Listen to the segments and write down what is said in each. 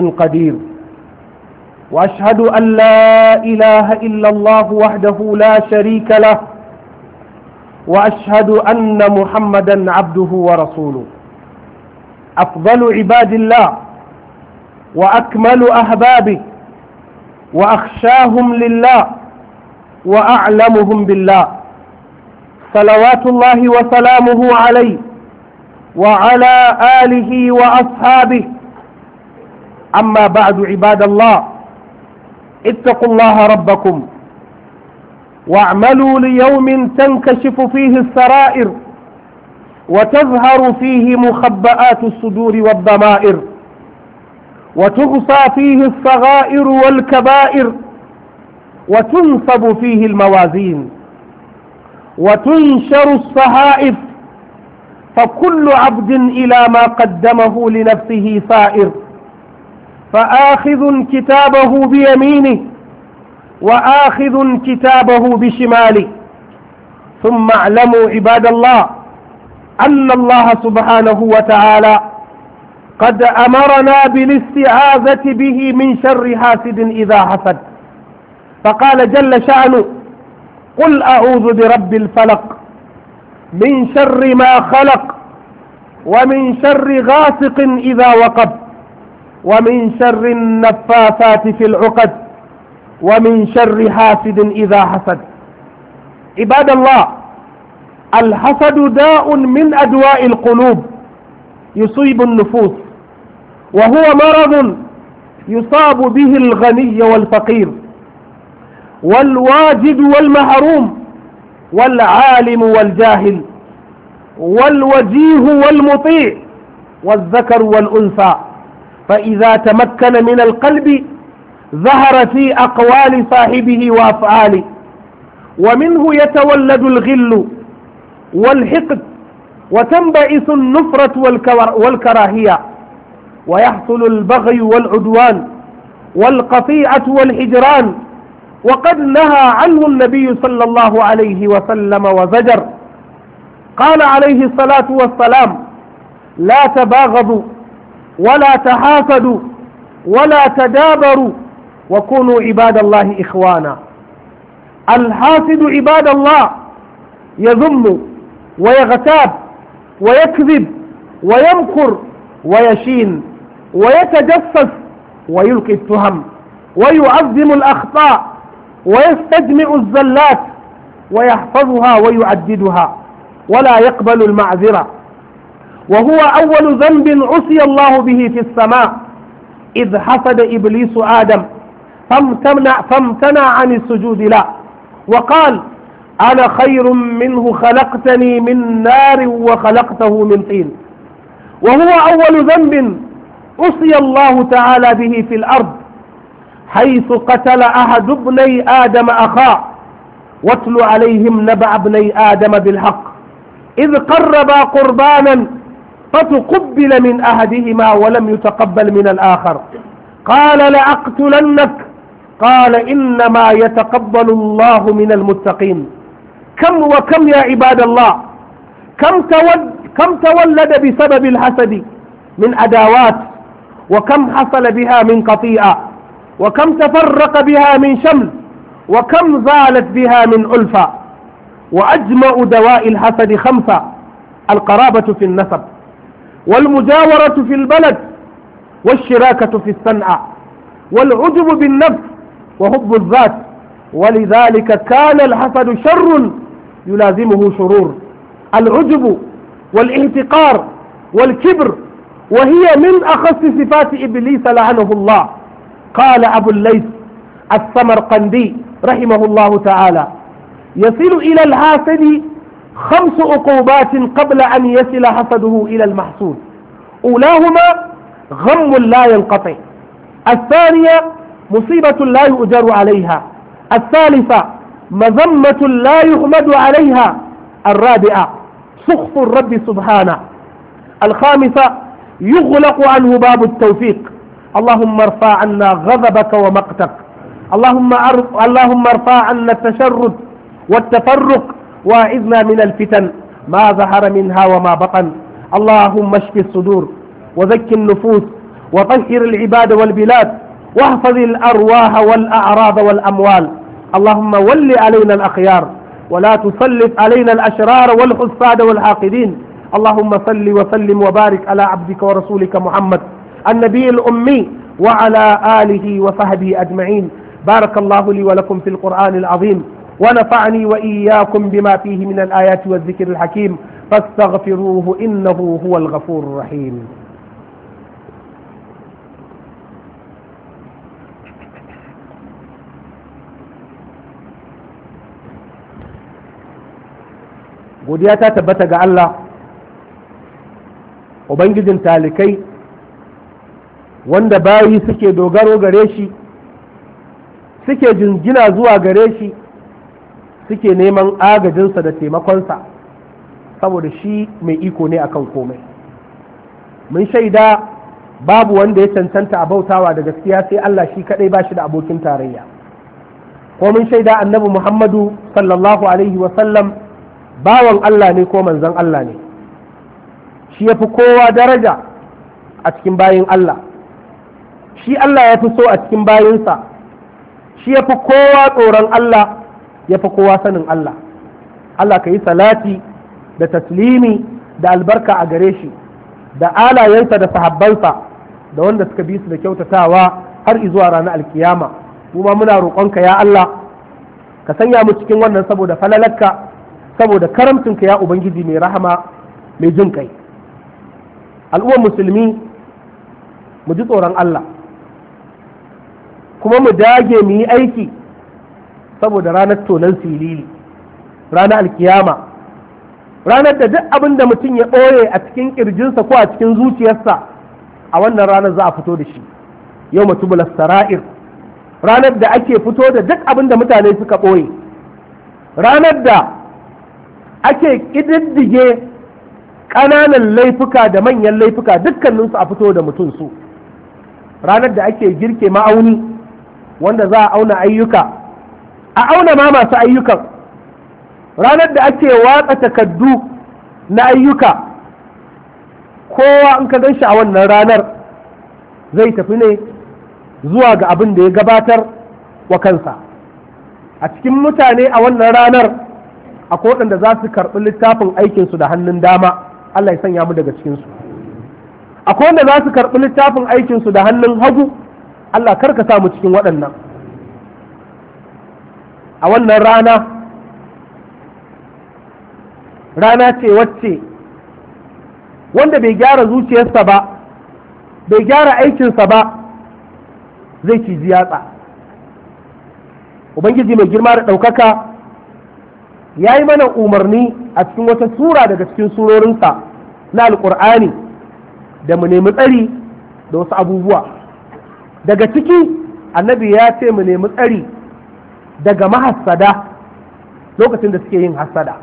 القدير وأشهد أن لا إله إلا الله وحده لا شريك له وأشهد أن محمدا عبده ورسوله أفضل عباد الله وأكمل أحبابه وأخشاهم لله وأعلمهم بالله صلوات الله وسلامه عليه وعلى آله وأصحابه أما بعد عباد الله اتقوا الله ربكم واعملوا ليوم تنكشف فيه السرائر وتظهر فيه مخبآت الصدور والضمائر وتغصى فيه الصغائر والكبائر وتنصب فيه الموازين وتنشر الصحائف فكل عبد إلى ما قدمه لنفسه سائر فآخذ كتابه بيمينه وآخذ كتابه بشماله ثم اعلموا عباد الله أن الله سبحانه وتعالى قد أمرنا بالاستعاذة به من شر حاسد إذا حسد فقال جل شأنه قل أعوذ برب الفلق من شر ما خلق ومن شر غاسق إذا وقب ومن شر النفاثات في العقد ومن شر حاسد إذا حسد عباد الله الحسد داء من أدواء القلوب يصيب النفوس وهو مرض يصاب به الغني والفقير والواجد والمحروم والعالم والجاهل والوجيه والمطيع والذكر والأنثى فإذا تمكن من القلب ظهر في أقوال صاحبه وأفعاله ومنه يتولد الغل والحقد وتنبئس النفرة والكراهية ويحصل البغي والعدوان والقطيعة والهجران وقد نهى عنه النبي صلى الله عليه وسلم وزجر قال عليه الصلاة والسلام لا تباغضوا ولا تحاسدوا ولا تدابروا وكونوا عباد الله إخوانا الحاسد عباد الله يذم ويغتاب ويكذب ويمكر ويشين ويتجسس ويلقي التهم ويعظم الأخطاء ويستجمع الزلات ويحفظها ويعددها ولا يقبل المعذره وهو أول ذنب عصي الله به في السماء إذ حسد إبليس آدم فامتنع, فامتنع عن السجود له وقال أنا خير منه خلقتني من نار وخلقته من طين وهو أول ذنب أصي الله تعالى به في الأرض حيث قتل أحد ابني آدم أخاه واتل عليهم نبع ابني آدم بالحق إذ قربا قربانا فتقبل من أحدهما ولم يتقبل من الآخر قال لأقتلنك قال إنما يتقبل الله من المتقين كم وكم يا عباد الله كم, تود كم تولد بسبب الحسد من أداوات وكم حصل بها من قطيئة وكم تفرق بها من شمل وكم زالت بها من ألفة وأجمع دواء الحسد خمسة القرابة في النسب والمجاورة في البلد والشراكة في الصنعة والعجب بالنفس وحب الذات ولذلك كان الحسد شر يلازمه شرور العجب والاحتقار والكبر وهي من أخص صفات إبليس لعنه الله قال أبو الليث السمرقندي رحمه الله تعالى يصل إلى الحاسد خمس عقوبات قبل أن يصل حسده إلى المحسود أولاهما غم لا ينقطع الثانية مصيبة لا يؤجر عليها الثالثة مذمة لا يغمد عليها الرابعة سخط الرب سبحانه الخامسة يغلق عنه باب التوفيق اللهم ارفع عنا غضبك ومقتك اللهم, اللهم ارفع عنا التشرد والتفرق واعذنا من الفتن ما ظهر منها وما بطن اللهم اشف الصدور وزك النفوس وطهر العباد والبلاد واحفظ الأرواح والأعراض والأموال اللهم ول علينا الأخيار ولا تسلط علينا الأشرار والحساد والحاقدين اللهم صل وسلم وبارك على عبدك ورسولك محمد النبي الأمي وعلى آله وصحبه أجمعين بارك الله لي ولكم في القرآن العظيم ونفعني وإياكم بما فيه من الآيات والذكر الحكيم فاستغفروه إنه هو الغفور الرحيم godiya ta tabbata ga Allah Ubangijin talikai wanda bayi suke dogaro gare shi suke jingina zuwa gare shi suke neman agajinsa da taimakonsa saboda shi mai iko ne akan komai mun shaida babu wanda ya cancanta a bautawa da gaskiya sai Allah shi kadai ba shi da abokin tarayya ko mun shaida annabi Muhammadu sallallahu alaihi wasallam bawan Allah ne ko manzan Allah ne shi ya fi kowa daraja a cikin bayin Allah shi Allah ya fi so a cikin bayinsa shi ya fi kowa tsoron Allah ya fi kowa sanin Allah Allah ka yi salati da taslimi da albarka a gare shi da alayensa da sahabbansa da wanda suka bi su da kyautatawa har izuwa ranar alkiyama mu ma muna roƙonka ya Allah ka sanya mu cikin wannan saboda falalarka saboda karamcinka ya ubangiji mai rahama mai jin kai al'ummar musulmi mu ji tsoron Allah kuma mu dage mu yi aiki saboda ranar tonan silili ranar alkiyama ranar da duk abin da mutum ya ɓoye a cikin ƙirjinsa ko a cikin zuciyarsa a wannan ranar za a fito da shi yau matubular sara'ir ranar da ake fito da duk abin da mutane suka ɓoye ranar da ake ƙididdige ƙananan laifuka da manyan laifuka dukkaninsu a fito da mutum su ranar da ake girke ma'auni wanda za a auna ayyuka a auna ma masu ayyukan ranar da ake watsa takaddu na ayyuka kowa in ka gan shi a wannan ranar zai tafi ne zuwa ga abin da ya gabatar wa kansa a cikin mutane a wannan ranar a waɗanda za su karɓi littafin aikinsu da hannun dama Allah ya sanya mu daga cikinsu a waɗanda za su karɓi littafin aikinsu da hannun hagu Allah karka sa mu cikin waɗannan a wannan rana rana ce wacce wanda bai gyara zuciyarsa ba bai gyara aikinsa ba zai ciji yatsa ubangiji mai girma da ɗaukaka ya yi mana umarni a cikin wata sura daga cikin surorinsa na alƙur'ani da mu nemi tsari da wasu abubuwa daga ciki annabi ya ce mu nemi tsari daga mahassada lokacin da suke yin hassada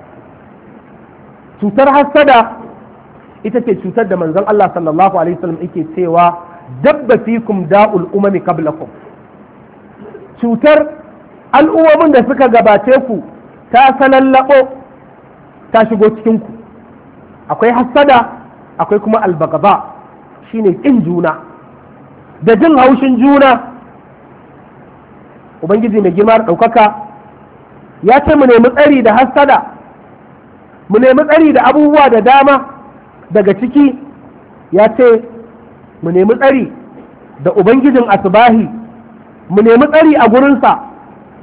cutar hassada ita ce cutar da manzon Allah sallallahu alaihi wasallam yake cewa dabba kum da'ul umami qablakum cutar al'ummomin da suka gabace ku ta labo ta shigo cikin ku akwai hassada akwai kuma albagaba shine kin juna da jin haushin juna ubangiji mai girma ɗaukaka ya ce mu nemi tsari da hassada mu nemi tsari da abubuwa da dama daga ciki ya ce mu nemi tsari da ubangijin asubahi mu nemi tsari a gurinsa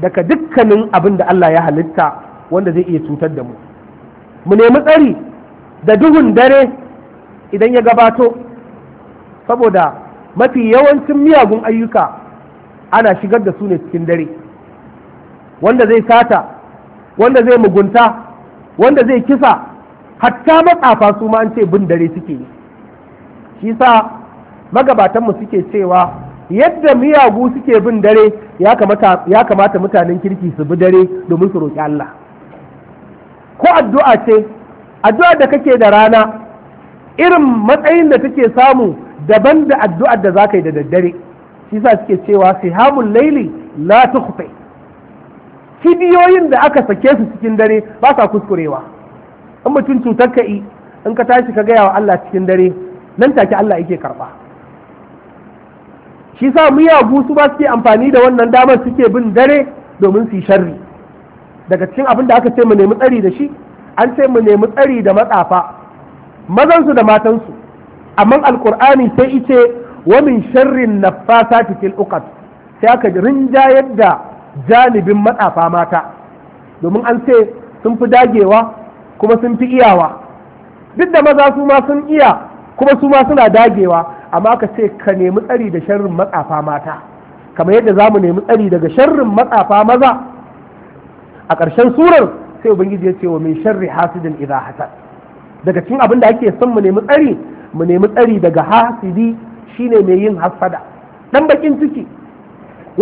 daga dukkanin abin da Allah ya halitta wanda zai iya cutar da mu mu nemi tsari da duhun dare idan ya gabato saboda mafi yawancin miyagun ayyuka ana shigar da su ne cikin dare wanda zai sata wanda zai mugunta wanda zai kisa hatta matsafa su ma an ce bin dare suke yi shi sa magabatanmu suke cewa yadda miyagu suke bin dare ya kamata mutanen kirki su bi dare domin su roƙi Allah ko addu'a ce addu'a da kake da rana irin matsayin da take samu daban da addu'ar da za ka yi da daddare shi sa suke cewa sai sihamul laili la tukhfi kibiyoyin da aka sake su cikin dare ba sa kuskurewa in mutum cutar kai in ka tashi ka gaya wa Allah cikin dare nan take Allah yake karɓa shi sa miyagu su ba suke amfani da wannan damar suke bin dare domin su yi sharri daga cikin abin da aka ce mu nemi tsari da shi an ce mu nemi tsari da matsafa mazansu da matansu amma alkur'ani sai ice wa min sharrin nafasati fil uqad sai aka rinjayar da janibin matsafa mata domin an ce sun fi dagewa kuma sun fi iyawa duk da maza su ma sun iya kuma su ma suna dagewa amma ka ce ka nemi tsari da sharrin matsafa mata kamar yadda za mu nemi tsari daga sharrin matsafa maza a ƙarshen surar sai ubangiji ya ce wa min sharri hasidin idza hasad daga cikin abin da ake son mu nemi tsari mu nemi tsari daga hasidi shine mai yin hassada dan bakin ciki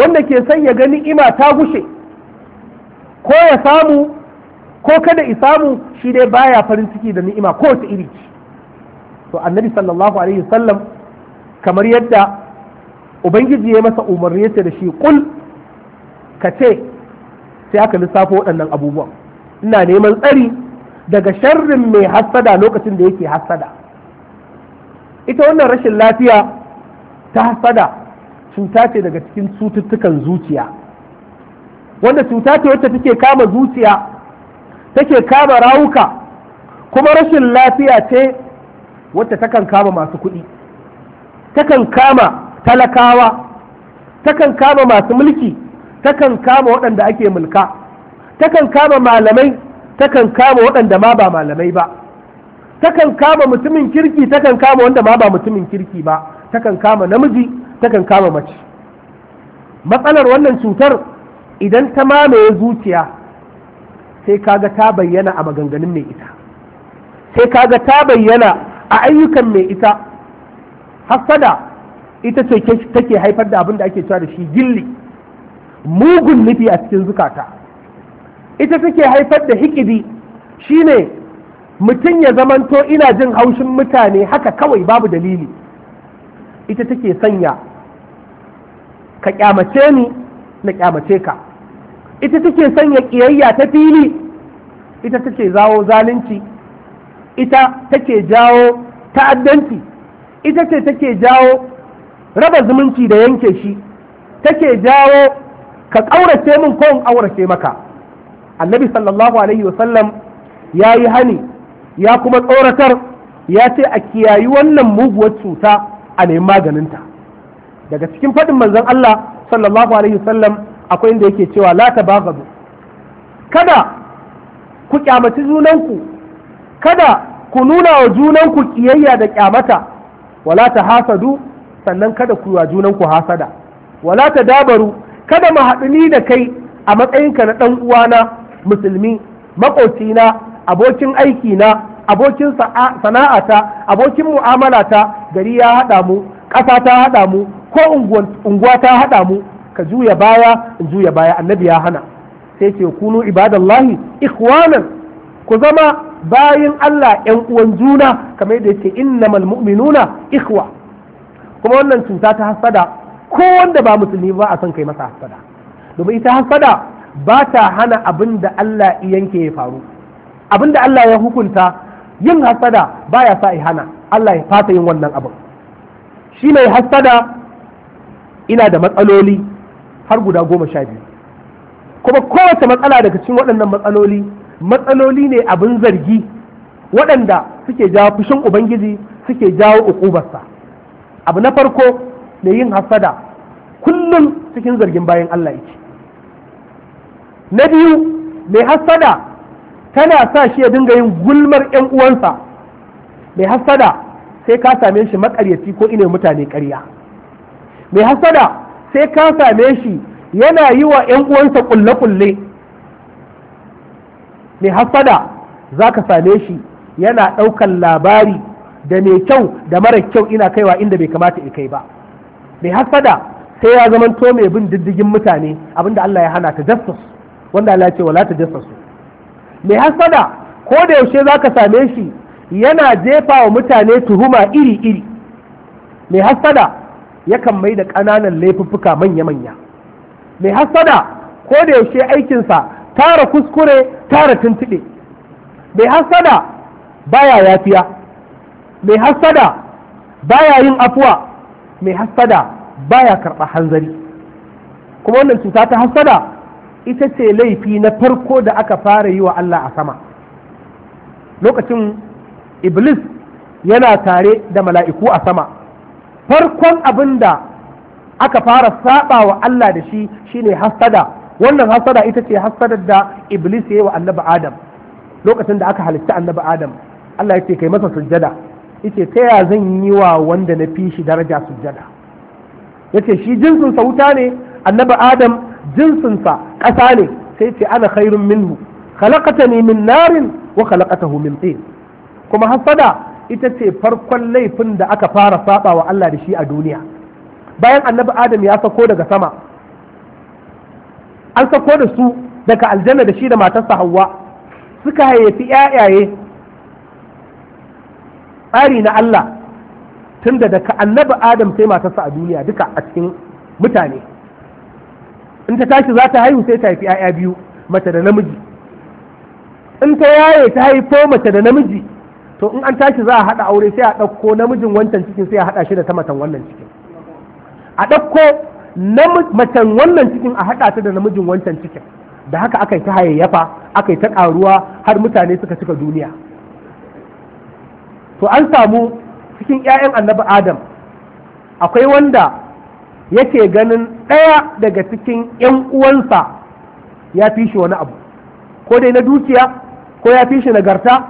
wanda ke son ya ga ni'ima ta gushe ko ya samu ko kada i samu shi dai baya farin ciki da ni'ima ko ta iri ci to annabi sallallahu alaihi wasallam kamar yadda ubangiji ya masa umarni yace da shi kul kace ce sai aka lissafo waɗannan abubuwan ina neman tsari daga sharrin mai hasada lokacin da yake hasada. ita wannan rashin lafiya ta hasada cuta ce daga cikin cututtukan zuciya wanda cuta ce wacce take kama zuciya take kama rawuka kuma rashin lafiya ce wacce takan kama masu kuɗi takan kama talakawa takan kama masu mulki takan kama waɗanda ake mulka takan kama malamai takan kama waɗanda ma ba malamai ba takan kama mutumin kirki takan kama wanda ma ba mutumin kirki ba takan kama namiji takan kama mace matsalar wannan cutar idan ta mamaye zuciya sai kaga ta bayyana a maganganun mai ita sai kaga ta bayyana a ayyukan mai ita hassada ita ce take haifar da abin da ake cewa da shi gilli mugun nufi a cikin zukata ita take haifar da hikidi shine mutum ya zamanto ina jin haushin mutane haka kawai babu dalili ita take sanya ka kyamace ni na kyamace ka ita take sanya kiyayya ta fili ita take zawo zalunci ita take jawo ta'addanci ita ce take jawo raba zumunci da yanke shi take jawo ka ƙaurace min ko in aurace maka annabi sallallahu alaihi wasallam ya yi hani ya kuma tsoratar ya ce a kiyayi wannan muguwar cuta a neman maganinta daga cikin faɗin manzon Allah sallallahu alaihi wasallam akwai inda yake cewa la tabaghadu kada ku kyamaci junanku kada ku nuna wa junanku kiyayya da kyamata wala ta hasadu sannan kada ku yi wa junanku hasada wala ta dabaru, kada mu haɗu ni da kai a matsayinka na ɗan uwana musulmi maƙocina abokin aiki na abokin sana'ata abokin mu'amalata gari ya haɗa mu ƙasa ta haɗa mu ko unguwa ta haɗa mu ka juya baya in juya baya annabi ya hana sai ce kunu ibadallahi ikhwanan ku zama bayin Allah ƴan uwan juna kamar yadda yake innamal mu'minuna ikhwa kuma wannan cuta ta hasada ko wanda ba musulmi ba a son kai masa hasada domin ita hasada ba ta hana abin da Allah yanke ya faru Abin da Allah ya hukunta yin hasada ya sa ihana Allah ya fasa yin wannan abin shi mai hasada ina da matsaloli har guda goma sha biyu kuma kowace matsala daga cikin waɗannan matsaloli matsaloli ne abin zargi waɗanda suke jawo fushin ubangiji suke jawo ukubarsa abu na farko mai yin hasada kullum cikin zargin bayan Allah yake na biyu mai hasada tana sa shi ya dinga yin gulmar yan uwansa mai hasada sai ka same shi makaryaci ko ina mutane ƙarya mai hasada sai ka same shi yana yi wa yan uwansa kulle-kulle mai hasada za ka same shi yana ɗaukan labari da mai kyau da mara kyau ina kaiwa inda bai kamata ya kai ba mai hasada sai ya zama to mai bin diddigin mutane abinda Allah ya hana ta jassus wanda Allah ya ce wala ta jassus mai hasada ko da yaushe za ka same shi yana jefa wa mutane tuhuma iri-iri mai hasada yakan mai da ƙananan laifuffuka manya-manya mai hasada ko da yaushe aikinsa tara kuskure tara tuntuɗe mai hasada baya yafiya mai hasada baya yin afuwa mai hasada baya karɓa hanzari kuma wannan cuta ta hasada ita ce laifi na farko da aka fara yi wa Allah a sama lokacin iblis yana tare da mala'iku a sama farkon abin da aka fara saba wa Allah da shi shine hasada wannan hasada ita ce hasadar da iblis ya yi wa annabi adam lokacin da aka halitta annabi adam Allah ya ce kai masa sujjada yace ta ya zan yi wa wanda na fi shi daraja sujjada yace shi jinsin sauta ne annabi adam jinsinsa ƙasa ne sai ce ana khairun minhu khalaqatani min narin wa khalaqatahu min tin kuma hasada ita ce farkon laifin da aka fara saba wa Allah da shi a duniya bayan annabi adam ya sako daga sama an sako da su daga aljanna da shi da matarsa hawa suka hayyafi yayaye tsari na Allah tunda daga annabi adam sai matarsa a duniya duka a cikin mutane in ta tashi za ta haihu sai ta haifi 'ya'ya biyu mace da namiji in ta yaye ta haifo mace da namiji to in an tashi za a haɗa aure sai a ɗauko namijin wancan cikin sai a haɗa shi da ta matan wannan cikin a ɗauko macen wannan cikin a haɗa ta da namijin wancan cikin da haka aka yi ta hayayyafa aka yi ta ƙaruwa har mutane suka cika duniya to an samu cikin 'ya'yan annabi adam akwai wanda yake ganin ɗaya daga cikin 'yan uwansa ya fi shi wani abu ko dai na dukiya ko ya fi shi garta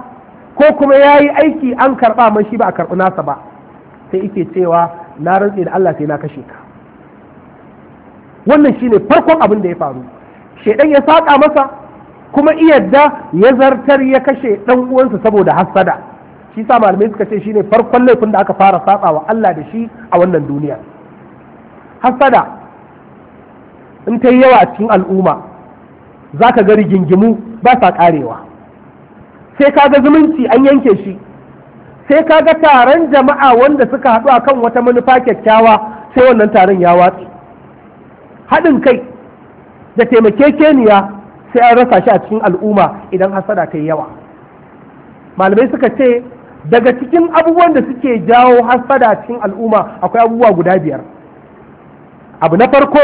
ko kuma ya yi aiki an karɓa man shi ba a karɓi nasa ba sai ike cewa na rantse da Allah sai na kashe ka wannan shi ne farkon abin da ya faru shaidan ya saƙa masa kuma iyadda ya zartar ya kashe ɗan uwansa saboda hassada shi sa malamai suka ce shi ne farkon laifin da aka fara saɓa wa Allah da shi a wannan duniya hasada in ta yi yawa a cikin al'umma za ka ga rigingimu ba sa karewa sai ka ga zumunci an yanke shi sai ka ga taron jama'a wanda suka haɗu a kan wata manufa kyakkyawa sai wannan taron ya watsi haɗin kai da taimake taimakekeniya sai an rasa shi a cikin al'umma idan hasada ta yi yawa malamai suka ce daga cikin abubuwan da suke jawo hasada cikin al'umma akwai abubuwa guda biyar abu na farko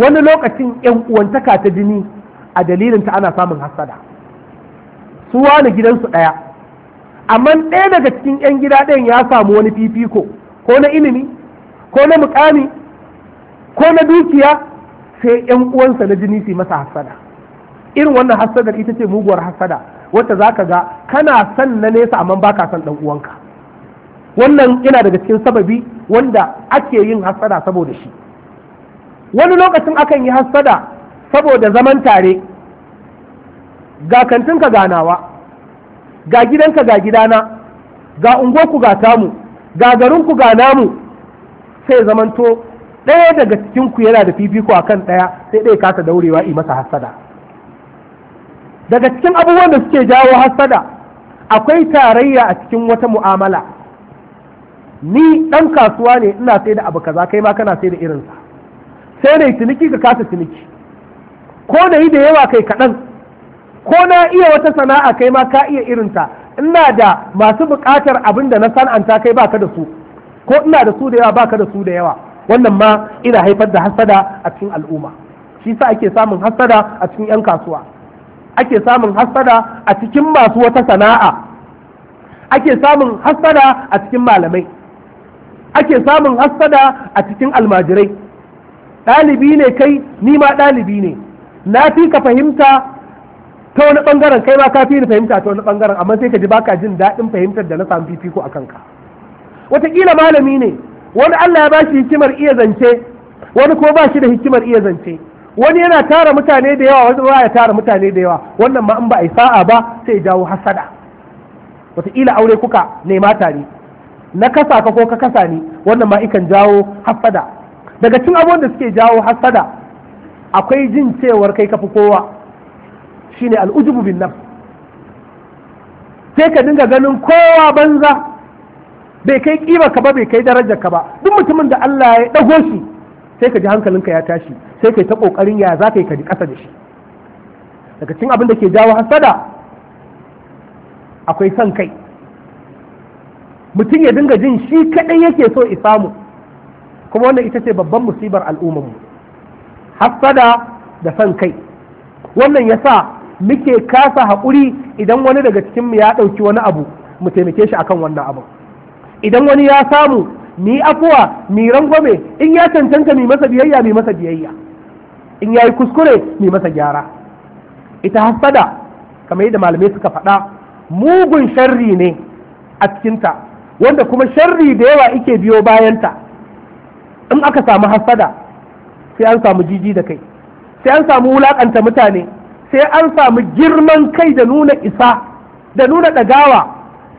wani lokacin yan uwantaka ta jini a dalilin ta ana samun hasada su wani gidansu ɗaya amma ɗaya daga cikin yan gida ɗayan ya samu wani fifiko ko na ilimi ko na mukami ko na dukiya sai yan uwansa na jini su masa hasada irin wannan hasadar ita ce muguwar hasada wata za ka ga kana son na nesa amma baka son ɗan uwanka wannan yana daga cikin sababi wanda ake yin hassada saboda shi wani lokacin akan yi hasada saboda zaman tare ga kantinka ganawa ga gidanka ga gidana ga unguwarku ga tamu ga garinku ga namu sai zamanto ɗaya daga cikinku yana da fifiko kan ɗaya sai ɗaya kasa daurewa yi masa hassada daga cikin abubuwan da suke jawo hassada akwai tarayya a cikin wata mu'amala ni ɗan kasuwa ne ina sai da abu kaza kai ma kana sai da irinsa sai na ciniki ka kasa ciniki ko na yi da yawa kai kaɗan ko na iya wata sana'a kai ma ka iya irinta ina da masu buƙatar abin da na san'anta kai baka da su ko ina da su da yawa baka da su da yawa wannan ma ina haifar da hasada a cikin al'umma shi sa ake samun hasada a cikin 'yan kasuwa ake samun hasada a cikin masu wata sana'a ake samun hasada a cikin malamai ake samun hassada a cikin almajirai ɗalibi ne kai ni ma ɗalibi ne na fi ka fahimta ta wani ɓangaren kai ma ka fi ni fahimta ta wani ɓangaren amma sai ka ji baka jin daɗin fahimtar da na samu fifiko a kanka wataƙila malami ne wani Allah ya ba shi hikimar iya zance wani ko ba shi da hikimar iya zance wani yana tara mutane da yawa wani ya tara mutane da yawa wannan ma in ba a yi sa'a ba sai ya jawo hasada wataƙila aure kuka ne nema tare na kasa ka ko ka kasa ne wannan ma ikan jawo hasada. daga cin abubuwan da suke jawo hasada akwai jin cewar kai kafi kowa shine al'ujubu bin nafs sai ka dinga ganin kowa banza bai kai kima ka ba bai kai darajar ka ba duk mutumin da Allah ya dago shi sai ka ji hankalinka ya tashi sai kai ta kokarin ya za ka yi ka ji da shi daga cin abin da ke jawo hasada akwai son kai mutum ya dinga jin shi kaɗai yake so samu. kuma wannan ita ce babban musibar mu. hassada da son kai wannan ya sa muke kasa haƙuri idan wani daga cikinmu ya ɗauki wani abu mu taimake shi akan wannan abu idan wani ya samu ni afuwa ni rangwame in ya cancanta mi masa biyayya mi masa biyayya in ya yi kuskure mi masa gyara ita hassada kamar yadda malamai suka faɗa mugun sharri ne a cikinta wanda kuma sharri da yawa ike biyo bayanta in aka samu hasada sai an samu jiji da kai sai an samu wulakanta mutane sai an samu girman kai da nuna isa da nuna ɗagawa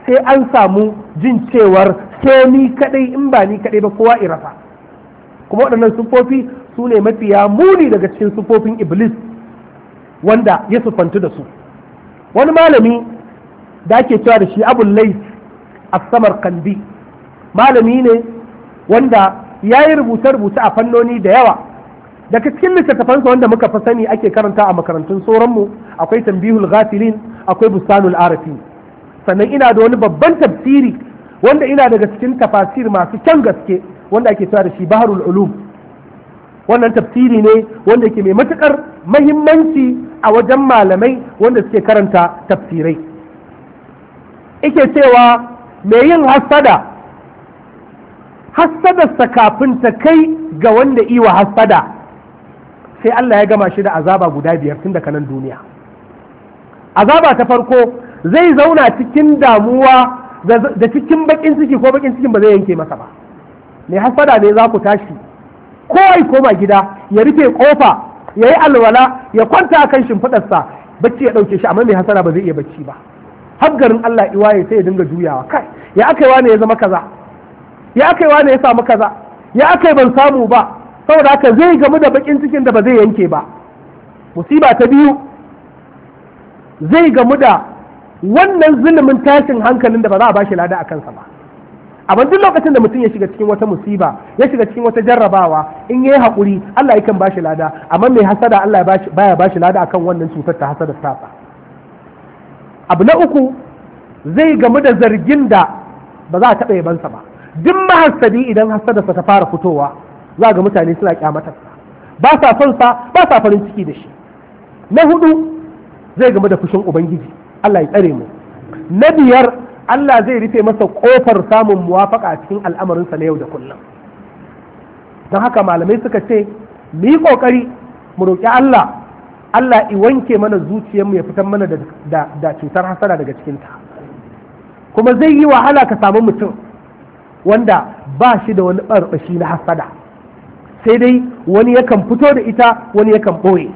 sai an samu jin cewar sai ni kaɗai in ba ni kaɗai ba kowa irafa kuma waɗannan sufofi su ne mafiya muni daga cikin sufofin iblis wanda ya sufantu da su wani malami da ake cewa da shi abu lais asamar kandi malami ne wanda ya yi rubuce-rubuce a fannoni da yawa daga cikin littattafansa wanda muka fi sani ake karanta a makarantun sauranmu akwai tambihul ghafilin akwai bustanul arafi sannan ina da wani babban tafsiri wanda ina daga cikin tafasir masu kyan gaske wanda ake cewa da shi baharul ulum wannan tafsiri ne wanda ke mai matukar mahimmanci a wajen malamai wanda suke karanta tafsirai ike cewa mai yin hasada, hasadarsa kafin ta kai ga wanda iwa hasada, sai Allah ya gama shi da azaba guda biyar tun daga nan duniya azaba ta farko zai zauna cikin damuwa da cikin bakin ciki ko bakin cikin ba zai yanke masa ba mai hasada ne za ku tashi ko ai koma gida ya rufe kofa ya yi alwala ya kwanta a kan shimfiɗarsa bacci ya ɗauke shi amma mai hasada ba zai iya bacci ba har garin Allah iwaye sai ya dinga juyawa kai ya aka yi wane ya zama kaza ya aka yi wane ya samu kaza ya aka ban samu ba saboda haka zai gamu da bakin cikin da ba zai yanke ba musiba ta biyu zai gamu da wannan zulumin tashin hankalin da ba za a bashi lada a kansa ba abin duk lokacin da mutum ya shiga cikin wata musiba ya shiga cikin wata jarrabawa in yayi hakuri Allah yakan bashi lada amma mai hasada Allah baya bashi lada akan wannan cutar ta hasada ta abu na uku zai gamu da zargin da ba za a taɓa yabansa ba duk mahassadi idan hassadarsa ta fara fitowa za ga mutane suna kyamatarsa ba sa son sa ba sa farin ciki da shi na hudu zai gamu da fushin ubangiji Allah ya tsare mu na biyar Allah zai rufe masa kofar samun muwafaka a cikin al'amarinsa na yau da kullum don haka malamai suka ce mu yi kokari mu roƙi Allah Allah i wanke mana zuciyarmu ya fitar mana da cutar hasara daga cikinta kuma zai yi wahala ka samu mutum wanda ba shi da wani ɓarɓashi na hasada sai dai wani yakan fito da ita wani yakan ɓoye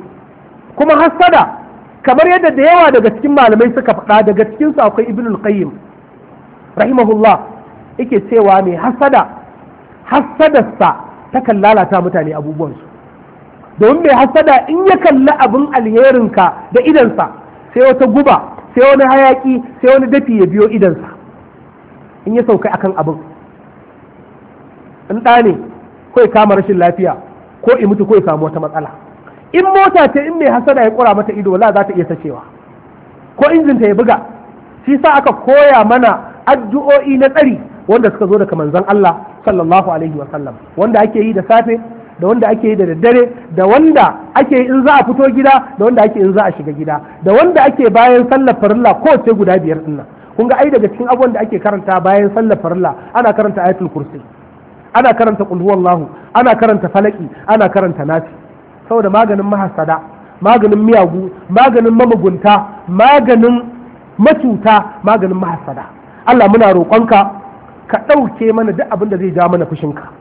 kuma hasada kamar yadda da yawa daga cikin malamai suka faɗa daga cikin su akwai ibn al-qayyim rahimahullah yake cewa mai hasada hasadarsa takan lalata mutane abubuwansu domin mai hasada in ya kalli abin alherinka da idansa sai wata guba sai wani hayaki sai wani dafi ya biyo idansa in ya sauka akan abin in ɗa ko ya kama rashin lafiya ko in mutu ko ya samu wata matsala in mota ce in mai hasada ya kura mata ido la za ta iya sacewa ko injinta ya buga shi sa aka koya mana addu'o'i na tsari wanda suka zo daga manzon Allah sallallahu alaihi wa sallam wanda ake yi da safe da wanda ake yi da daddare da wanda ake in za a fito gida da wanda ake in za a shiga gida da wanda ake bayan sallar farilla kowace guda biyar din nan kun ga ai daga cikin abubuwan da ake karanta bayan sallar farilla ana karanta ayatul kursi ana karanta qul huwallahu ana karanta falaki ana karanta nafi. saboda maganin mahasada maganin miyagu maganin mamugunta maganin matuta, maganin mahasada Allah muna roƙonka ka ɗauke mana duk abin da zai ja mana fushinka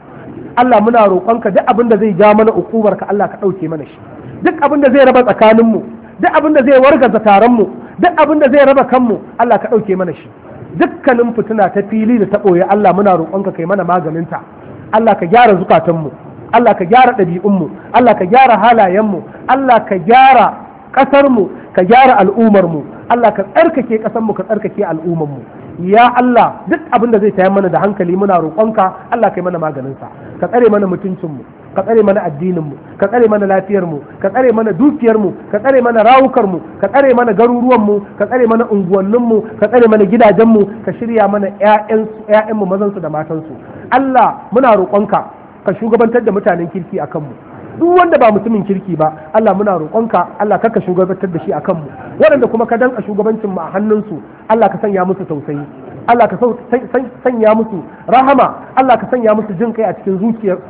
Allah muna roƙonka duk abin da zai ja mana ukubar ka Allah ka ɗauke mana shi duk abin da zai raba tsakanin mu duk abin da zai wargaza taron mu duk abin da zai raba kanmu Allah ka ɗauke mana shi dukkanin fituna ta fili da ta ɓoye Allah muna roƙonka kai mana maganinta Allah ka gyara zukatanmu Allah ka gyara ɗabi'unmu Allah ka gyara halayenmu Allah ka gyara ƙasarmu ka gyara mu, Allah ka tsarkake ƙasarmu ka tsarkake mu. ya Allah duk abin da zai tayar mana da hankali muna roƙonka Allah kai mana maganinsa ka tsare mana mutuncinmu ka tsare mana addininmu ka tsare mana lafiyarmu ka tsare mana dukiyarmu ka tsare mana rawukarmu ka tsare mana garuruwanmu ka tsare mana unguwanninmu ka tsare mana gidajenmu ka shirya mana ƴaƴanmu mazansu da matansu Allah muna roƙonka ka shugabantar da mutanen kirki akanmu mu duk wanda ba mutumin kirki ba Allah muna roƙonka Allah ka shugabantar da shi a kanmu waɗanda kuma ka danka shugabancin mu a hannunsu Allah ka sanya musu tausayi Allah ka sanya musu rahama Allah ka sanya musu jin kai a cikin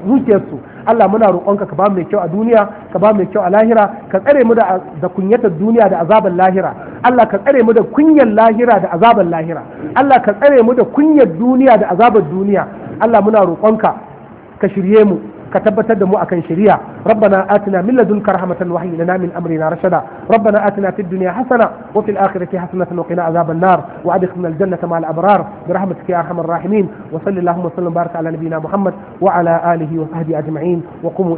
zuciyarsu Allah muna roƙonka ka ba mu mai kyau a duniya ka ba mu mai kyau a lahira ka tsare mu da kunyatar duniya da azabar lahira Allah ka tsare mu da kunyar lahira da azabar lahira Allah ka tsare mu da kunyar duniya da azabar duniya Allah muna roƙonka ka shirye mu ka tabbatar da mu akan shari'a rabbana atina min ladunka rahmatan wa hayyina min amrina rashada rabbana atina fid dunya hasana wa fil akhirati hasanatan wa qina azaban nar wa adkhilna al jannata ma'al abrar bi rahmatika ya arhamar rahimin wa sallallahu wa sallam baraka ala nabiyyina muhammad wa ala alihi wa sahbihi ajma'in wa qumu